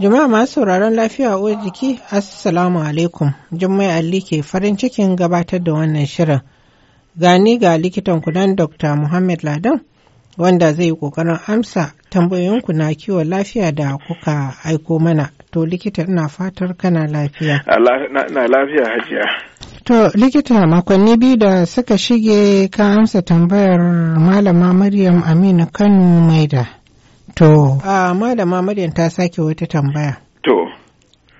Jama'a masu sauraron lafiya uwar jiki, Assalamu alaikum. Jummai Ali ke farin cikin gabatar da wannan shirin. Gani ga likitan kudan Dr. Muhammad Ladan, wanda zai yi ƙoƙarin amsa tambayoyinku na kiwon lafiya da kuka aiko mana. To likita ina fatar kana lafiya. Na lafiya hajiya. To likita makonni biyu da suka shige ka amsa tambayar malama Maryam Aminu Kano Maida. To, a malama Maryam ta sake wata tambaya. To.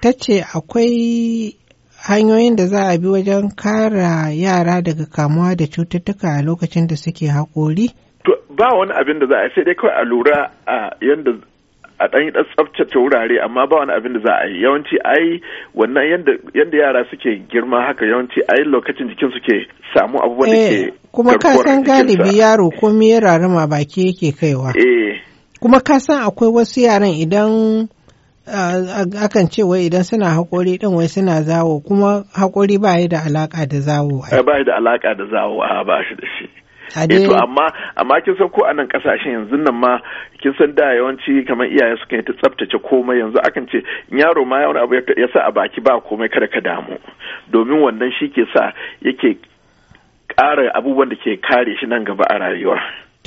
Ta ce akwai hanyoyin da za a bi wajen kara yara daga kamuwa da cututtuka a lokacin da suke haƙori? To, ba wani abin da za a sai dai kawai a lura a yadda a ɗan yi ta wurare amma ba wani abin da za a yi yawanci ai wannan yadda yara suke girma haka yawanci ai lokacin jikin suke samu abubuwan da ke eh, kuma ka san galibi yaro ko me rarama baki yake kaiwa eh. kuma ka san akwai wasu yaran idan akan ce wai idan suna haƙori ɗin wai suna zawo kuma haƙori ba da alaƙa da zawo eh, ba da alaƙa da zawo a ba shi da shi eto eh, amma amma kin san ko a nan kasashen yanzu nan ma kin san da yawanci kamar iyaye suka yi ta tsaftace komai yanzu akan ce yaro ma wani abu ya sa a baki ba komai kada ka damu domin wannan shi ke sa yake ƙara abubuwan da ke kare shi nan gaba a rayuwa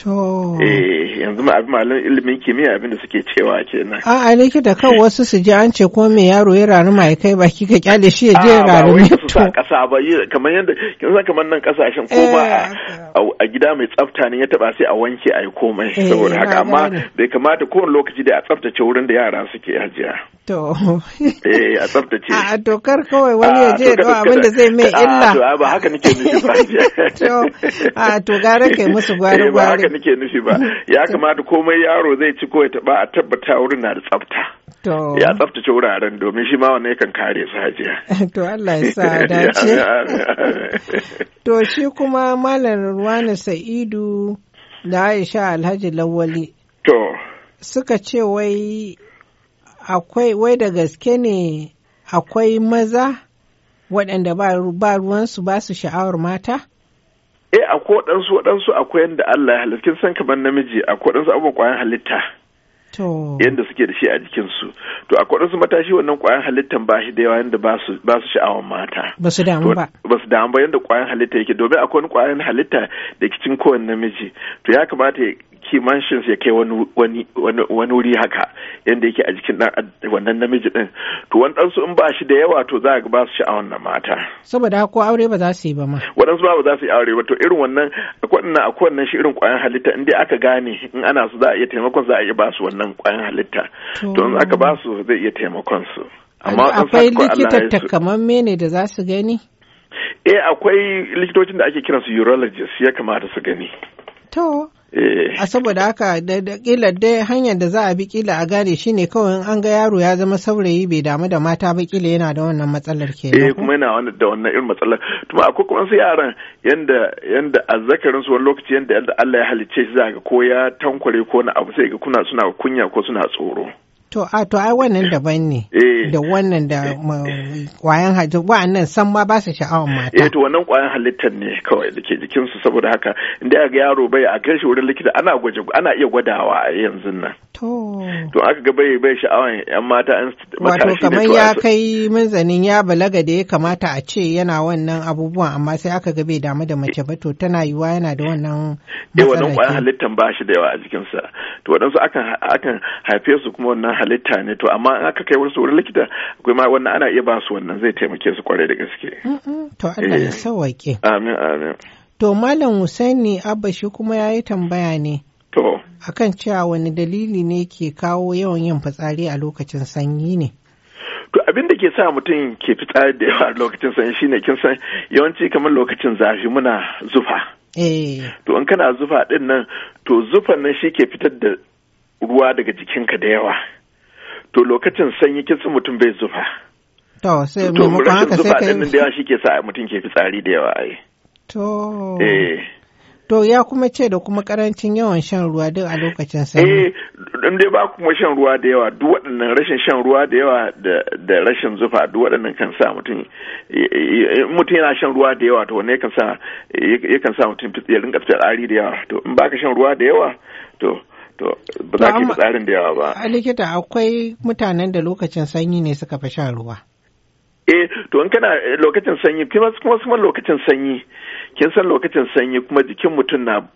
To. Eh, yanzu malamin ilimin kimiyya abin da suke cewa kenan. A a ne da kan wasu su ji an ce ko me yaro ya raruma ya kai baki ka kyale shi ya je ya rarumi. su sa ƙasa ba kamar yadda kin san kamar nan ƙasashen ko ba eh, eh. a gida mai tsafta ne ya taba sai a wanke a yi komai eh, saboda haka amma bai kamata kowane lokaci da a tsaftace wurin da yara suke hajiya. To. Eh a tsaftace. A dokar kawai wani ya je ɗau abin da zai mai illa. A ba haka nake nufi ba. To a to gara kai musu gwari gwari. Ba haka nake nufi ba. Ya kamata komai yaro zai ci ko ya taba a tabbata wurin na da tsafta. ya tsaftace wuraren domin shi ma wannan yakan kare su hajiya. To Allah ya sa dace. To shi kuma Malam Ruwani Sa'idu da Aisha Alhaji Lawali. To. Suka ce wai akwai wai da gaske ne akwai maza waɗanda ba ruwansu ba su sha'awar mata? Eh akwai waɗansu waɗansu akwai yadda Allah ya halittu san kamar namiji akwai waɗansu abubuwan kwayan halitta. yadda suke da shi a jikinsu to akwai wasu matashi wannan kwayan halittan ba shi da yawa yadda ba su sha'awar mata ba su damu ba ba su damu ba yadda kwayan halitta yake domin akwai wani kwayan halitta da kicin kowane namiji to ya kamata kimanshin ya kai wani wuri haka yadda yake a jikin wannan namiji din to waɗansu in ba shi da yawa to za a ba su sha'awan na mata saboda ko aure ba za su yi ba ma waɗansu ba za su yi aure ba to irin wannan akwai akwai wannan shi irin ƙwayan halitta in dai aka gane in ana su za a iya taimakon za a iya ba su wannan ƙwayan halitta to in aka ba su zai iya taimakon su amma akwai likita takamamme ne da za su gani eh akwai likitocin da ake kiransu urologists ya kamata su gani to Eh. A saboda haka da kila dai hanyar da za a bi kila a gane shi ne kawai an ga yaro ya zama saurayi bai damu da mata ba kila yana da wannan matsalar ke Eh kuma yana da wannan irin matsalar. Tuma akwai kuma su yaran yanda yanda azzakarin su wani lokaci yanda Allah ya halicce shi za ga ko ya tankware ko na abu sai ga kuna suna kunya ko suna tsoro. To, a to ai wannan daban ne. Eh. Da wannan da kwayan ba nan san ma ba su sha'awar mata. Eh to wannan kwayan halittar ne kawai da ke jikinsu saboda haka inda ga yaro bai a kai shi wurin likita ana gwaje ana iya gwadawa a yanzu nan. To. To aka ga bai bai sha'awar yan mata an Wato kamar ya kai munzanin ya balaga da ya kamata a ce yana wannan abubuwan amma sai aka ga bai damu da mace ba to tana yiwa yana da wannan eh, matsalar. wannan kwayan halittar ba shi da yawa a jikinsa. To waɗansu akan akan haife su kuma wannan halitta ne to amma in aka kai wasu wurin likita akwai ma wannan ana iya ba su wannan zai taimake su kwarai da gaske to Allah ya eh. sauwaƙe amin amin to malam Husaini Abba shi kuma yi tambaya ne to akan cewa wani dalili ne ke kawo yawan yin fitsari a lokacin sanyi ne To abin da ke sa mutum ke fitsari da yawa a lokacin sanyi shine kin san yawanci kamar lokacin zafi muna zufa. Eh. To in kana zufa din nan to zufan nan shi ke fitar da ruwa daga jikinka da yawa. to lokacin sanyi kitsin mutum bai zufa to sai maimakon haka sai ka da yawa shi ke sa mutum ke fitsari da yawa ai to eh to ya kuma ce da kuma karancin yawan shan ruwa duk a lokacin sanyi eh don dai ba kuma shan ruwa da yawa duk waɗannan rashin shan ruwa da yawa da rashin zufa duk waɗannan kan sa mutum mutum yana shan ruwa da yawa to wannan kan sa kan sa mutum ya rinka fitsari da yawa to in baka shan ruwa da yawa to To, ba za ki tsarin da yawa ba. A likita akwai mutanen da lokacin sanyi ne suka fi shan ruwa. Eh, to in kana eh, lokacin sanyi, kuma kuma lokacin sanyi, kin san lokacin sanyi kuma jikin mutum na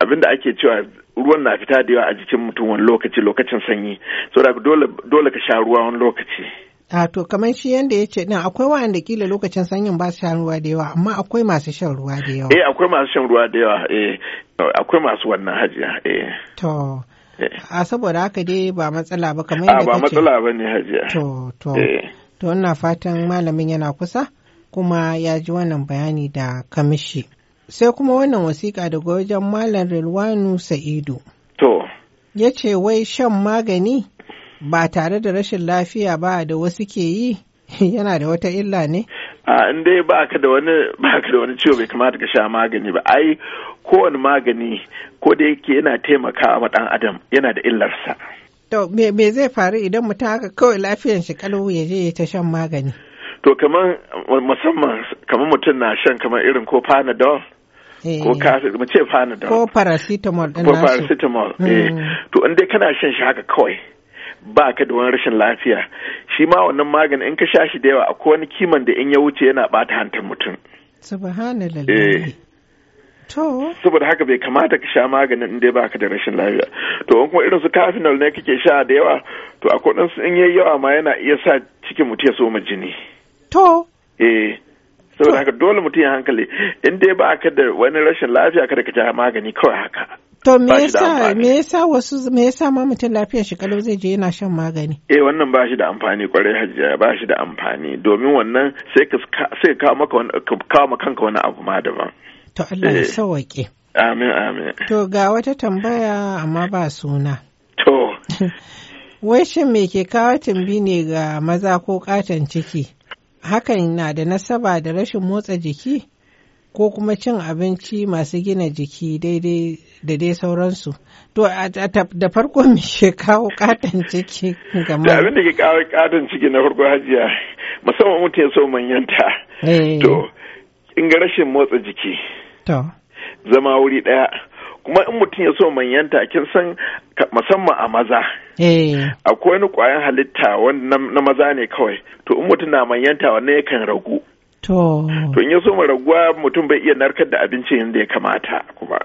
abinda ake cewa ruwan na fita da yawa a jikin mutum wani lokaci lokacin sanyi. So dole dole ka sha ruwa wani lokaci. A to kamar shi yadda ya ce din, akwai waɗanda kila lokacin sanyin ba su shan ruwa da yawa amma akwai masu shan ruwa da yawa. Eh akwai masu shan ruwa da yawa eh akwai masu wannan hajiya eh. To. Eh. A saboda haka dai ba matsala ba kamar ah, yadda ba matsala ba ne hajiya. To to. Eh. To ina fatan malamin yana kusa kuma ya ji wannan bayani da kamishi. Sai kuma wannan wasiƙa daga wajen Malam Rilwanu Sa'idu. To. Ya ce wai shan magani ba tare da rashin lafiya ba da wasu ke yi yana da wata illa ne? a inda ba ka da wani ba ka da wani ciwo bai kamata ka sha magani ba ai kowane magani ko da yake yana taimakawa wa dan adam yana da illarsa to me me zai faru idan mutum haka kawai lafiyan shi kalu ya je ta shan magani to kamar musamman kamar mutum na shan kamar irin ko panadol eh. ko kafin mu ce panadol ko paracetamol ko paracetamol eh mm. to in dai kana shan shi haka kawai ba ka da wani rashin lafiya shi ma wannan magani in ka sha shi da yawa a wani kiman da in ya wuce yana bata hantar mutum eh. Saboda haka bai kamata ka sha maganin in dai baka da rashin lafiya. To in kuma irin su kafinal ne kake sha da yawa, to a kudin in yayi yawa ma yana iya sa cikin mutum ya soma jini. To. Eh. Saboda haka dole mutum ya hankali in dai baka da wani rashin lafiya kada ka sha magani kawai haka. To me yasa me yasa wasu me yasa ma mutum lafiyar shi kalau zai je yana shan magani? Eh wannan ba shi da amfani kwarai Hajiya ba shi da amfani domin wannan sai ka sai ka maka kawo maka kanka wani abu ma daban. To Allah ya eh. sauke. Amin amin. To ga wata tambaya amma ba suna. To. Wai shin me ke kawo tumbi ne ga maza ko katon ciki? Hakan na da nasaba da rashin motsa jiki? ko kuma cin abinci masu gina jiki daidai da dai sauransu to da farko mai ke kawo katon ciki ga da abin da ke kawo katon ciki na farko hajiya musamman mutum ya so manyanta eh. to in ga rashin motsa jiki to zama wuri ɗaya. kuma in mutum ya so manyanta kin san musamman a maza eh. akwai wani kwayan halitta na maza ne kawai to in mutum na manyanta wannan yakan ragu To in ya so raguwa mutum bai iya narkar da abincin yadda ya kamata kuma.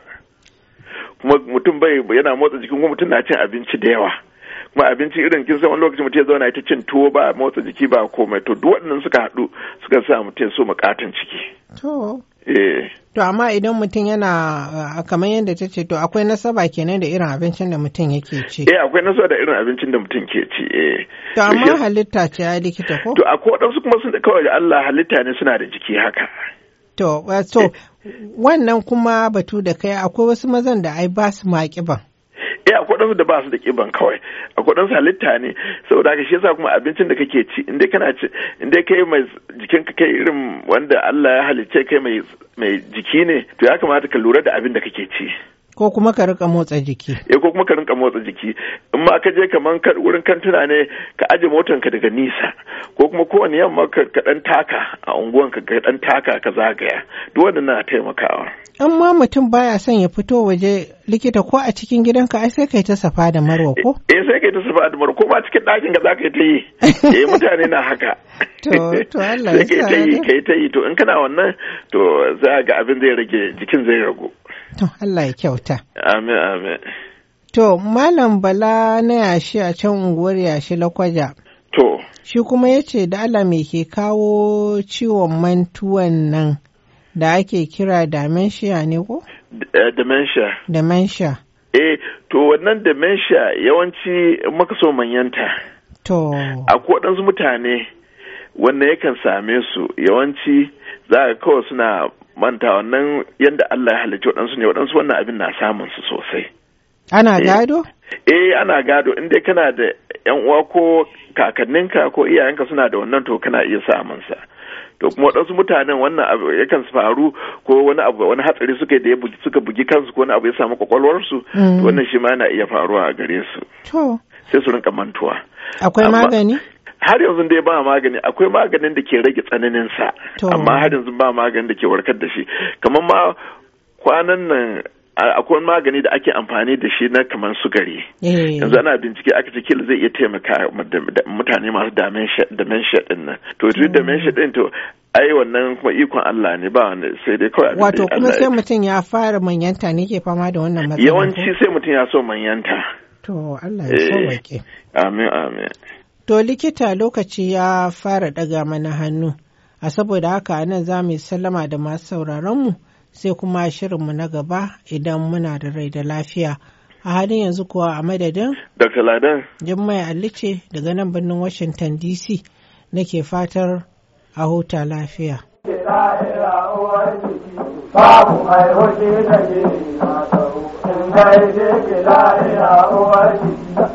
Kuma mutum bai yana motsa jikin kuma mutum na cin abinci da yawa. kuma abinci irin kin san wani lokaci mutum ya zauna ita cin tuwo ba motsa jiki ba komai to duk waɗannan suka haɗu suka sa mutum so mu ciki. To. Eh. To amma idan mutum yana ah, kamar yadda ta ce to akwai nasaba kenan da irin abincin da mutum yake ci. Eh akwai nasaba da irin abincin da mutum ke ci. Eh. To amma halitta ce ya likita ko? To akwai waɗansu kuma sun kawai da Allah halitta ne suna da jiki haka. To so eh, eh. wannan kuma batu da kai akwai wasu mazan da ai ba su maƙi ba. waɗansu da ba su da ƙiban kawai a waɗansu halitta ne saboda haka shi yasa kuma abincin da kake ci indai kana ci inda kai mai jikin ka kai irin wanda Allah ya halicce kai mai jiki ne to ya kamata ka lura da abin da kake ci ko kuma ka rika motsa jiki eh ko kuma ka rinka motsa jiki in ma ka je kaman wurin kantuna ne ka aje motan ka daga nisa ko kuma kowane yamma ka dan taka a unguwan ka dan taka ka zagaya duk wannan na taimakawa in ma mutum baya son ya fito waje likita ko a cikin gidanka ai sai kai ta safa da marwa ko eh, eh sai kai ta safa da marwa ko ma cikin ɗakin ka zaka ta yi eh mutane na haka to to Allah ya sa kai ta yi to in kana wannan to za ga abin zai rage jikin zai ragu To Allah ya kyauta. Amin amin. To Malam Bala na yashi a can unguwar yashi lakwaja. To. Shi kuma ya ce da Allah me ke kawo ciwon mantuwan nan da ake kira dementia ne ko? Eh, dementia. Dementia. Eh, to wannan dementia yawanci maka so manyanta. To. A waɗansu mutane wannan yakan same su yawanci za a kawai suna manta wannan yadda Allah ya halicci waɗansu ne waɗansu wannan abin na samun su sosai ana eh. gado eh ana gado in dai kana da yan uwa ko kakanninka ko iyayenka suna da wannan to kana iya samun sa to kuma waɗansu mutanen wannan abu yakan faru ko wani abu wani hatsari suka da suka bugi kansu ko wani abu ya samu kwakwalwarsu to mm. wannan shi ma yana iya faruwa a gare su to sai su rinka mantuwa akwai magani har yanzu dai ba magani akwai maganin da ke rage tsananin sa amma har yanzu ba maganin da ke warkar da shi kamar ma kwanan nan akwai magani da ake amfani da shi na kamar sugari eh. yanzu ana bincike aka ce kila zai iya taimaka mutane masu dementia din nan to duk mm. dementia din to ai wannan kuma ikon Allah ne ba wani sai dai kawai wato kuma sai mutum ya fara manyanta ne ke fama da wannan matsalar yawanci sai mutum ya so manyanta to Allah ya sauke eh, amin amin To likita lokaci ya fara ɗaga mana hannu, a saboda haka nan za mu sallama da masu sauraronmu sai kuma shirinmu na gaba idan muna da rai da lafiya. A halin yanzu kuwa a madadin? Dr. Ladan. Jummai Alice daga nan birnin Washington DC nake fatar a huta lafiya. Babu mai hoji da ke mata, in gaije ke la'ira uwar jiki.